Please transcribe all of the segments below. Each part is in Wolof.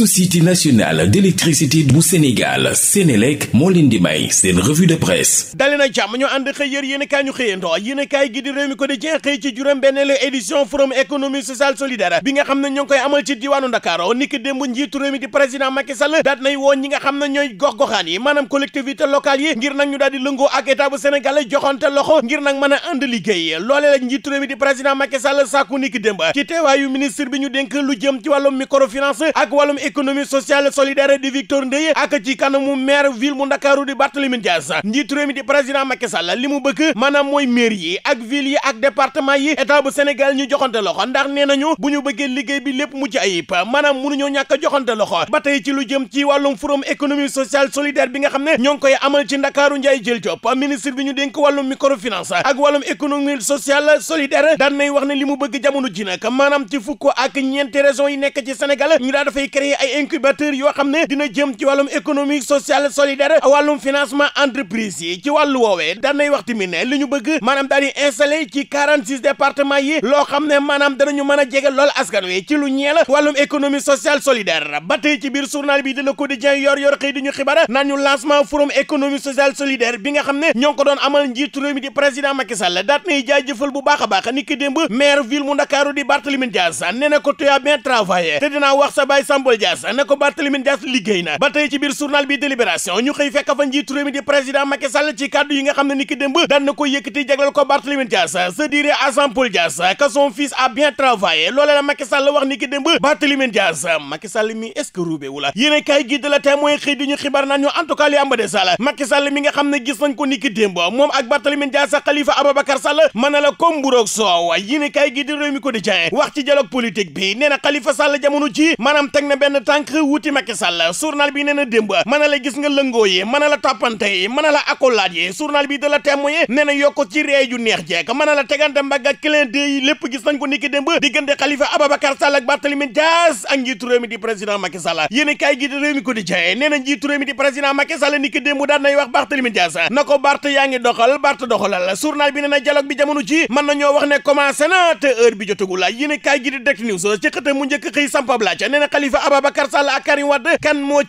société nationale d'électricité bu Sénégal Sénélec moo leen di may seen revue de presse dali jàmm ñu ànd xëy yér yéen ñu xëyandoo yéen kaay gi réew mi ko di jeex xëy ci juróom-benneelu édition forum économie sociale solidaire bi nga xam ne ñoo ngi koy amal ci di président Macky Sall daat nay ñooy gox-goxaan yi maanaam collectivité locale yi ngir nag ñu daal di ak état bu Sénégal loxo ngir nag mën a ànd liggéey loole la njiitu réew mi di président Macky Sall sàkku niki démb économie sociale solidaire di Victor Ndeye ak ci kanamu maire ville bu Ndakaaru di Barthélémy Dias njiitu réew mi di président Macky Sall li mu bëgg maanaam mooy maire yi ak ville yi ak département yi état bu Sénégal ñu joxante loxo ndax nee nañu bu ñu bëggee liggéey bi lépp mucc ayib maanaam mënuñoo ñàkk joxante loxo ba tey ci lu jëm ci wàllum forum économie sociale solidaire bi nga xam ne ñoo ngi koy amal ci Ndakaaru Ndiaye jël Diop ministre bi ñu dénk wàllum microfinance ak wàllum économie sociale solidaire wax ne li mu bëgg jamono ji nag maanaam ci fukk ak ñeenti régions yi nekk ci Sénégal ñu daa dafay créer créer ay incubateur yoo xam ne dina jëm ci wàllum économie sociale solidaire wàllum financement entreprise yi ci wàllu woowee daanay wax tamit ne li ñu bëgg maanaam daal di installé ci 46 départements yi loo xam ne maanaam danañu mën a jege lool askan wi ci lu ñeel wàllum économie sociale solidaire ba tey ci biir journal bi de Le Quotidien yor yor xëy di ñu xibaar naan ñu lancement forum économie solidaire bi nga xam ne ñoo ngi ko doon amal njiitu réew mi di président Macky Sall daat nay jaajëfal baax a na ko tu as bien travaillé wax sa baay Sambol Dias ne ko Barthélémy liggéey na ba tey ñu xëy fekk fa njiitu réew mi di président Macky Sall ci kàddu yi nga xam ne ni ki démb daan na ko yëkkati ko Barthélémy Dias se dire à Jean-Paul a bien travaillé loolee la Macky Sall wax ni ki démb Barthélémy Dias Macky Sall mi est-ce que roubé wu la yéene kaay gi de la témoin xëy di ñu xibaar naan ñu en tout amba de Sall Macky Sall mi nga xam ne gis nañ ko ni ki démb moom ak Barthélémy benn tànk wuti Macky Sall bi nee na démb la gis nga lëngoo yi la toppante yi mën la accolade yi journal bi da la témoigné nee na yokk neex jeek mën la tegante mbagga clin d'œil yi gis nañ ko niki démb diggante Khalifa Ababacar Sall ak Barthélémy Dias ak njiitu di président Macky Sall yéen kaay gi ko di jaay nee na di président Macky Sall niki démb daan nay wax Barthélémy na ko Bart yaa ngi doxal Ababacar Sall ak Karim Wade kan moo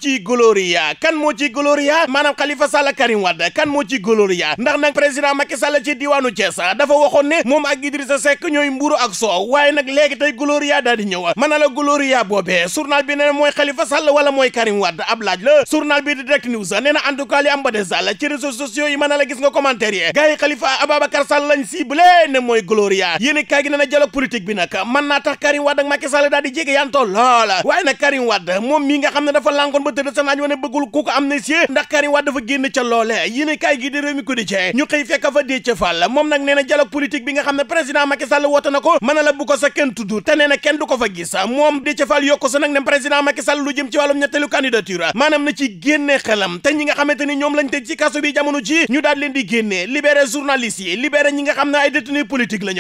kan moo ciy gloria maanaam Khalifa Sall ak Karim Wade kan moo ciy gloria ndax nag président Macky Sall ci diwaanu Thiès dafa waxoon ne moom ak Idrissa Seck ñooy mburu ak soow waaye nag léegi tey gloria daal di ñëw mën na la gloria boobee journal bi ne mooy Khalifa Sall wala mooy Karim Wade ab laaj la journal bi di Direct News nee na en tout cas li am ba des daal ci réseaux sociaux yi mën na la gis nga commentaire yi gars yi Khalifa Ababacar Sall lañ ciblé mooy gloria yéen kay gi nee na dialogue politique bi nag mën naa tax Karim Wade ak Macky Sall daal di jege yantoo loola waaye Karim moom mii nga xam ne dafa lànkoon ba tëdd sa naaj wane bëggul ku ko amnistie ndax Karim Wade dafa génn ca loole yéene kaay gi di Rewmi Quotidien ñu xëy fekk fa Déthié Fall moom nag nee na dialogue politique bi nga xam ne président Macky Sall woote na ko mën na la bu ko sa na kenn na ci génne xelam te ñi nga xamante ni ñoom lañ tëj ci kaso bi jamono ji ñu daal leen di génne libéré journalistes yi libéré ñi nga xam ne ay détenus politiques la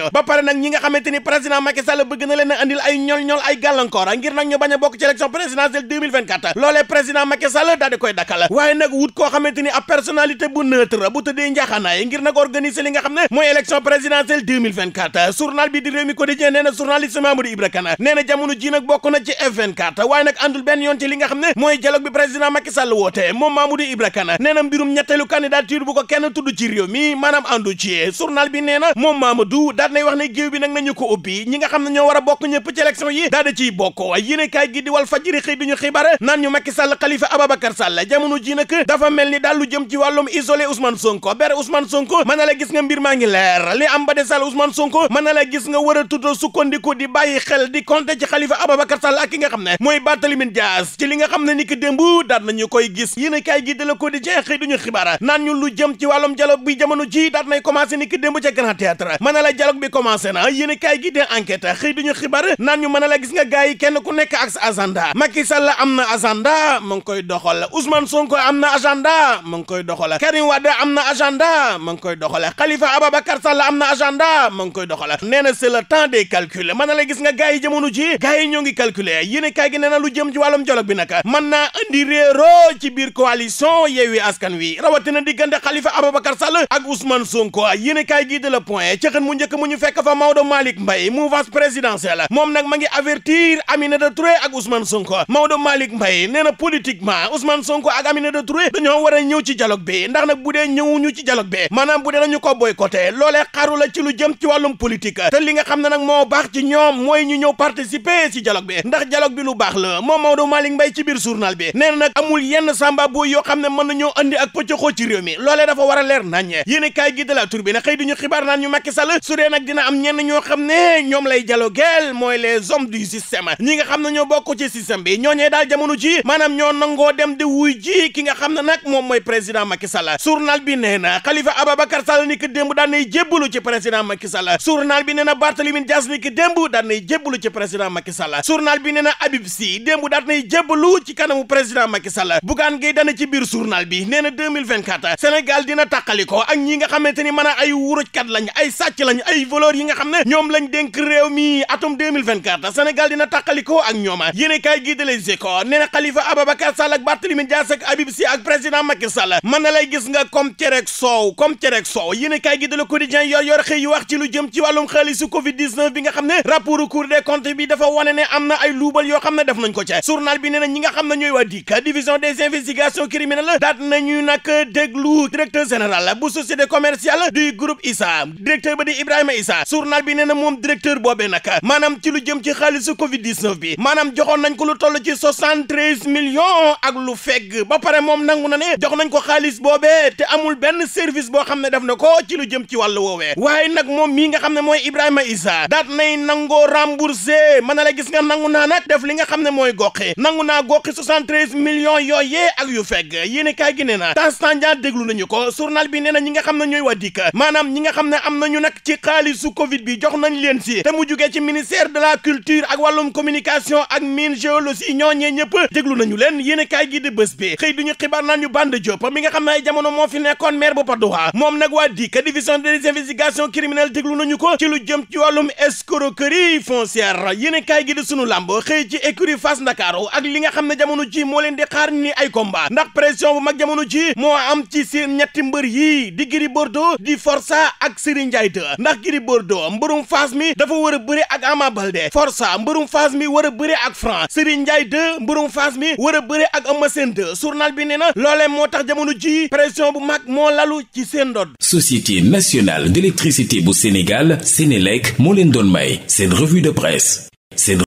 présidentielle 2024 loolee président Macky Sall koy dakkal waaye nag wut koo xamante ni ab personnalité bu neutre bu tëddee njaaxaanaay ngir nag organiser li xam ne mooy élection présidentielle 2024 bi di Rewmi Quotidien nee na journaliste Mamadou Ibra Kane nee na jamono ji nag bokk na ci F24 waaye nag àndul benn yoon ci li xam ne mooy dialogue bi président Macky Sall woote moom Mamadou Ibra Kane nee na mbirum ñetteelu candidature bu ko kenn tudd ci réew mi maanaam Walfadjri xëy duñu xibaar naan ñu Macky Sall Khalifa Ababacar Sall jamono ji nag dafa mel ni daal lu jëm ci wàllum isolé Ousmane Sonko ber Ousmane Sonko mën na la gis nga mbir maa ngi leer li am ba de Sall Ousmane Sonko mën na la gis nga war a tudd sukkandiku di bàyyi xel di compter ci Khalifa Ababacar Sall ak ki nga xam ne mooy Barthélémy Dias li nga xam ne ni ki démb daat nañu koy gis yéen a kaay gi de ko di jeex xëy duñu xibaar naan ñu lu jëm ci wàllum dialogue bi jamono ji daat nay commencé ni ki démb ca Grand Théâtre la dialogue bi commencé na yéen a kaay gi de enquête xëy duñu xibaar naan ñu mën na la gis nga gars yi kenn ku nekk ak sa agenda Macky Sall am na agenda ma ngi koy doxal Ousmane Sonko am na agenda ma ngi koy doxal Karim Wade am na agenda ma ngi koy doxal Khalifa Ababacar Sall am na agenda ma ngi koy doxal nee na c'est le temps des calculs mën na la gis nga gars yi jamono ji gars yi ñoo ngi calculer yéen kaay gi nee na lu jëm ci wàllum dialogue bi nag mën naa andi réero ci biir coalition Yewwi Askan Wi rawatina diggante kalifa Khalifa Ababacar Sall ak Ousmane Sonko yéen kaay gi de la point ci xën mu njëkk mu ñu fekk fa Maodo Malick Mbaye mouvance présidentielle moom nag ma ngi avertir Aminata Touré ak Ousmane Sonko Maodo Malick Mbaye nee na politiquement Ousmane Sonko ak Aminata Touré dañoo war a ñëw ci dialogue bi ndax nag bu dee ñëwuñu ci dialogue bi maanaam bu dee dañu ko boycotté loolee xaru la ci lu jëm ci wàllum politique te li nga xam ne nag moo baax ci ñoom mooy ñu ñëw participer ci dialogue bi ndax dialogue bi lu baax la moom Maodo Malick Mbaye ci biir journal bi nee na nag amul yenn samba boo yoo xam ne mën na ñoo andi ak pëccaxoo ci réew mi loolee dafa war a leer naññe yéen i kaay gi de la tur bi ne xëy duñu xibaar naan ñu Macky Sall su dee nag dina am ñenn ñoo xam ne ñoom lay dialogueel mooy les hommes du système ñi nga xam ne ñoo bokk ci système bi ñooñee daal jamono ji maanaam ñoo nangoo dem di wuy ji ki xam ne nag moom mooy président Macky Sall journal na Khalifa Ababacar Sall ni ki démb daan nay jébbalu ci président Macky Sall journal na Barthélémy Dias ni ki démb daan nay jébbalu ci président Macky Sall journal bi nee na Habib Sy démb daan nay jébbalu ci kanamu président Macky Sall Bougane Gueye dana ci biir journal bi nee na 2024 Sénégal dina tàqaliko ak ñi a ay wurujkat lañ ay sàcc lañ ay voleur yi nga xam ne ñoom lañ dénk réew mi atum 2024 Sénégal dina tàqaliko ak ñooma yéene kaay gii de Les Échos nee na Khalifa Ababacar Sall ak Barthélémy Dias ko ca journal bi nee ñi nga xam ne ñooy waa DIC division des investigations criminelles daat nañu nag déglu directeur général bu société commerciale du groupe ISA directeur ba di Ibrahima Issa journal bi nee moom directeur boobee nag maanaam ci lu jëm ci xaalisu Covid 19 bi maanaam joxoon nañ ko lu toll ci soixante-treize ak lu fegg ba pare moom nangu na ne jox nañ ko xaalis boobee te amul benn service boo xam ne def na ko ci lu jëm ci wàllu woowee waaye nag moom mii nga xam ne mooy Ibrahima Issa daat nay nangoo remboursé mën na la gis nga nangu naa nag def li nga xam ne mooy goxi nangu naa goxi soixante-treize millions yooyee ak yu fegg yéene ka gi na na Tanstandia déglu nañu ko journal bi nee na ñi nga xam ne ñooy waa dikk maanaam ñi nga xam ne am nañu nag ci xaalisu Covid bi jox nañ leen si te mu jugee ci ministère de la culture ak wàllum communication ak géologie ñooñee ñëpp déglu nañu leen yéen kaay gi di bés bi xëy duñu xibaar naan ñu Banda Diop mi nga xam ne ay jamono moo fi nekkoon maire bu Padoa moom nag waa DIC division des investigations criminelles déglu nañu ko ci lu jëm ci wàllum escroquerie foncière yéen kaay gi di sunu làmb xëy ci écurie Fass Ndakaaru ak li nga xam ne jamono ji moo leen di xaar ni ay combat ndax pression bu mag jamono ji moo am ci seen ñetti mbër yi di Gris Bordeaux di Força ak Serigne Ndiaye 2 ndax Gris Bordeaux mbërum Fass mi dafa war a bëri ak Ama Baldé Força ak Serigne Ndiaye 2 mburum fas mi war a bëre ak Eumeu Sène 2 journal bi nee na loolee moo tax jamono ji pression bu mag moo lalu ci seen ndodd Société nationale d'électricité bu Sénégal Sénélec moo leen doon may seen revue de presse seen